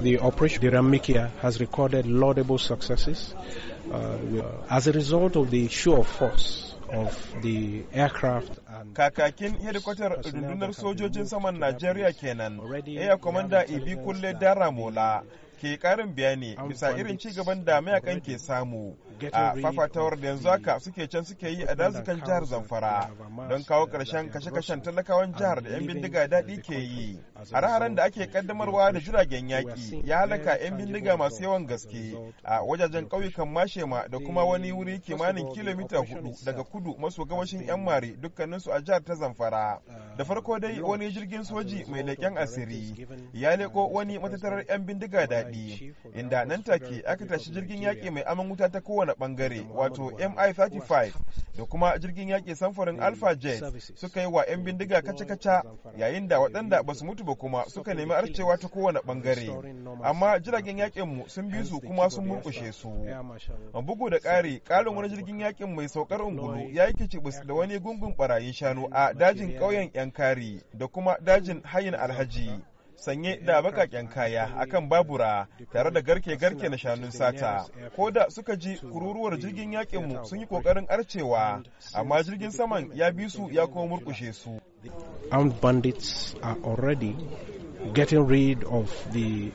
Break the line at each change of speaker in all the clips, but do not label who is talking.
The operation Diramikia has recorded laudable successes. Uh, as a result of the show of force of the aircraft
kakakin rundunar sojojin saman Najeriya kenan Air Commander Ibi Kulle Daramola ke karin bayani bisa irin ci gaban da mayakan ke samu a fafatawar da yanzu haka suke can suke yi a dazukan jihar zamfara don kawo karshen kashe-kashen talakawan jihar da 'yan bindiga daɗi ke yi a raharan da ake kaddamarwa da jiragen yaƙi ya halaka 'yan bindiga masu yawan gaske a wajajen ƙauyukan mashema da kuma wani wuri kimanin kilomita hudu daga kudu maso gabashin 'yan mare uh, dukkaninsu a jihar ta zamfara da farko dai wani jirgin soji mai leƙen asiri ya leko wani matattarar 'yan bindiga daɗi daɗi inda nan take aka tashi jirgin yaƙi mai aman wuta ta kowane ɓangare wato mi-35 da kuma jirgin yaƙi samfurin alpha jet suka yi wa 'yan bindiga kaca-kaca yayin da waɗanda ba su mutu ba kuma suka nemi arcewa ta kowane ɓangare amma jiragen yaƙin mu sun bi su kuma sun murkushe su bugu da ƙari ƙarin wani jirgin yaƙin mai saukar ungulu ya yi kicibis da wani gungun barayin shanu a dajin ƙauyen yankari da kuma dajin hayin alhaji sanye da bakaken kaya akan babura tare da garke-garke na shanun sata ko da suka ji kururuwar jirgin yaƙinmu sun yi ƙoƙarin arcewa amma jirgin saman ya bi su ya kuma murkushe su
armed bandits are already getting rid of the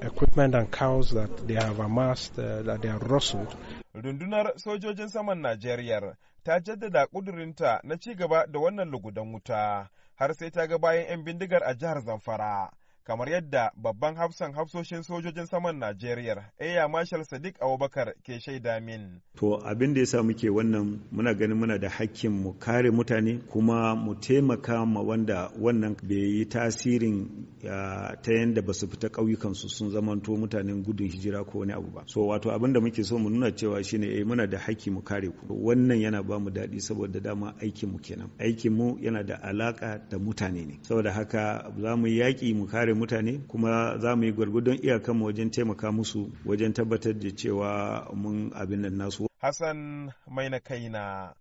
equipment and cows that they have amassed uh, that they have rustled rundunar
sojojin saman najeriya ta jaddada kudurinta na ci gaba da wannan lugudan wuta har sai ta ga bayan 'yan bindigar a jihar Zamfara. kamar yadda babban hafsan hafsoshin sojojin saman Najeriya Air Marshal Sadiq Abubakar ke shaida min.
To abin da yasa muke wannan muna ganin muna da hakkin mu kare mutane kuma mu taimaka ma wanda wannan bai yi tasirin ta yadda ba su fita su, sun zamanto mutanen gudun hijira ko wani abu ba. So wato abin da muke so mu nuna cewa shine eh muna da hakki mu kare ku. Wannan yana ba mu daɗi saboda dama aikin mu kenan. Aikin mu yana da alaka da mutane ne. Saboda haka za mu yaƙi mu kare mutane kuma za mu yi gwargwadon mu wajen taimaka musu wajen tabbatar da cewa mun abin nan nasu.
Hassan mai na kai na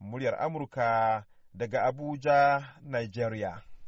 muryar Amurka daga Abuja, Nigeria.